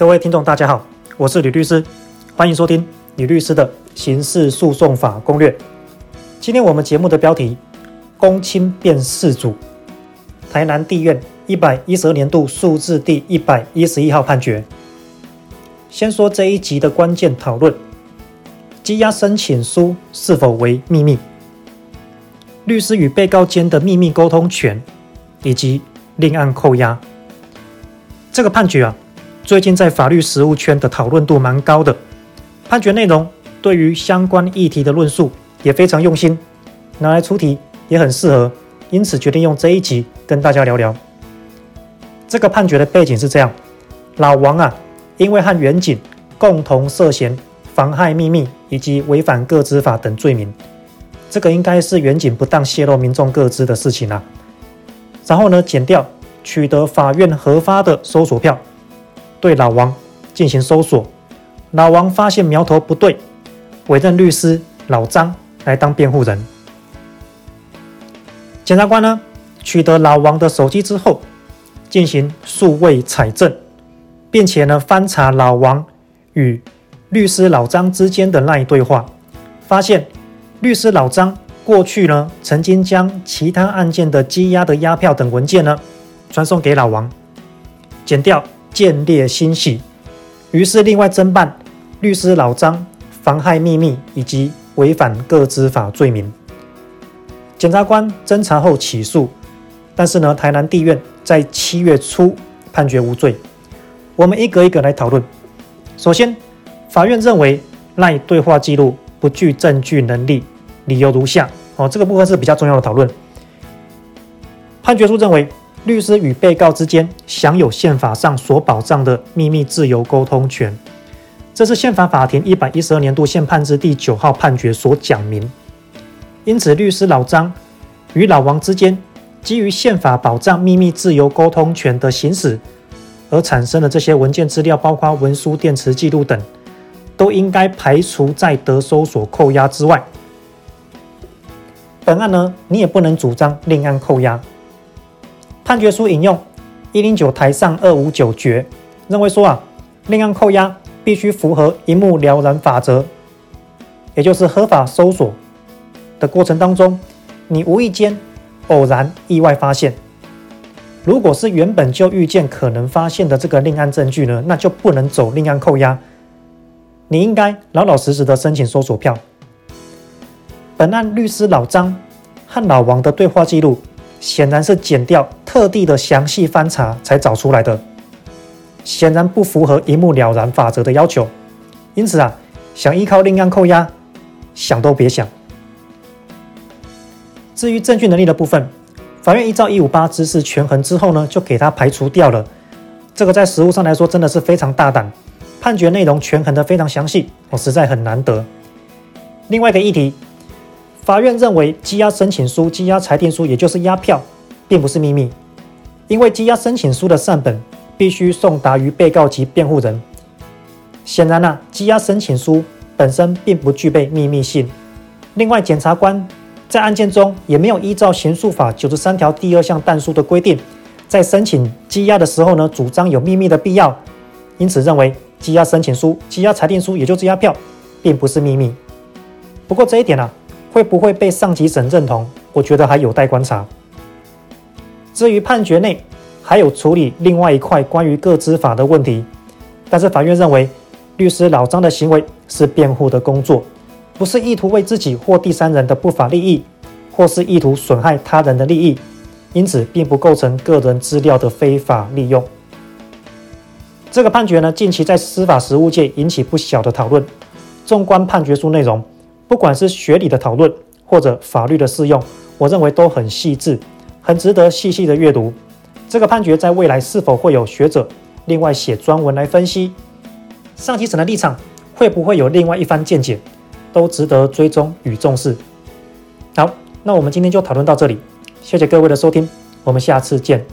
各位聽眾，大家好，我是呂律師，歡迎收聽呂律師的《刑事訴訟法攻略》。今天我們節目的標題“公親變事主”，台南地院一百一十二年度訴字第一百一十一號判決。先說這一集的關鍵討論：羈押聲請書是否為秘密？律師與被告間的秘密溝通權，以及另案扣押。這個判決啊。最近在法律實務圈的討論度蠻高的，判決內容對於相關議題的論述也非常用心，拿來出題也很適合，因此決定用這一集跟大家聊聊。這個判決的背景是這樣：老王啊，因為和員警共同涉嫌妨害秘密以及違反個資法等罪名，這個應該是員警不當泄露民眾個資的事情啊。然後呢，檢調取得法院合法的搜索票。對老王進行搜索，老王發現苗頭不對，委任律師老張來當辯護人。檢察官呢，取得老王的手機之後，進行數位採證，並且呢翻查老王與律師老張之間的那一對話，發現律師老張過去呢曾經將其他案件的羈押的押票等文件呢傳送給老王，剪掉，見獵心喜，於是另外偵辦律師老張，妨害秘密以及違反個資法罪名。檢察官偵查後起訴，但是呢，台南地院在七月初判決無罪。我們一個一個來討論。首先，法院認為賴對話記錄不具證據能力，理由如下。哦，這個部分是比較重要的討論。判決書認為。律師與被告之間享有憲法上所保障的秘密自由溝通權，這是憲法法庭一百一十二年度憲判字第九號判決所講明。因此，律師老張與老王之間，基於憲法保障秘密自由溝通權的行使而產生的這些文件資料，包括文書、電磁紀錄等，都應該排除在得搜索、扣押之外。本案呢，你也不能主張另案扣押。判決書引用一零九台上二五九決，認為說啊，另案扣押必須符合一目了然法則，也就是合法搜索的過程當中，你無意間偶然意外發現，如果是原本就預見可能發現的這個另案證據呢，那就不能走另案扣押，你應該老老實實的申請搜索票。本案律師老張和老王的對話記錄。顯然是剪掉，特地的詳細翻查才找出來的，顯然不符合一目了然法則的要求。因此啊，想依靠另案扣押，想都別想。至於證據能力的部分，法院依照一五八之四權衡之後呢，就給他排除掉了。這個在實務上來說真的是非常大膽，判決內容權衡得非常詳細，我實在很難得。另外一個議題。法院認為，羈押申請書、羈押裁定書，也就是押票，並不是秘密，因為羈押申請書的繕本必須送達於被告及辯護人。顯然呢、啊，羈押申請書本身並不具備秘密性。另外，檢察官在案件中也沒有依照刑訴法九十三條第二項但書，的規定，在申請羈押的時候呢，主張有秘密的必要，因此認為羈押申請書、羈押裁定書，也就是押票，並不是秘密。不過這一點呢、啊。會不會被上級審認同？我覺得還有待觀察。至於判決內還有處理另外一塊關於個資法的問題，但是法院認為律師老張的行為是辯護的工作，不是意圖為自己或第三人的不法利益，或是意圖損害他人的利益，因此並不構成個人資料的非法利用。這個判決呢，近期在司法實務界引起不小的討論。縱觀判決書內容。不管是學理的討論，或者法律的適用，我認為都很細緻，很值得細細的閱讀。這個判決在未來是否會有學者另外寫專文來分析？上級審的立場會不會有另外一番見解，都值得追蹤與重視。好，那我們今天就討論到這裡，謝謝各位的收聽，我們下次見。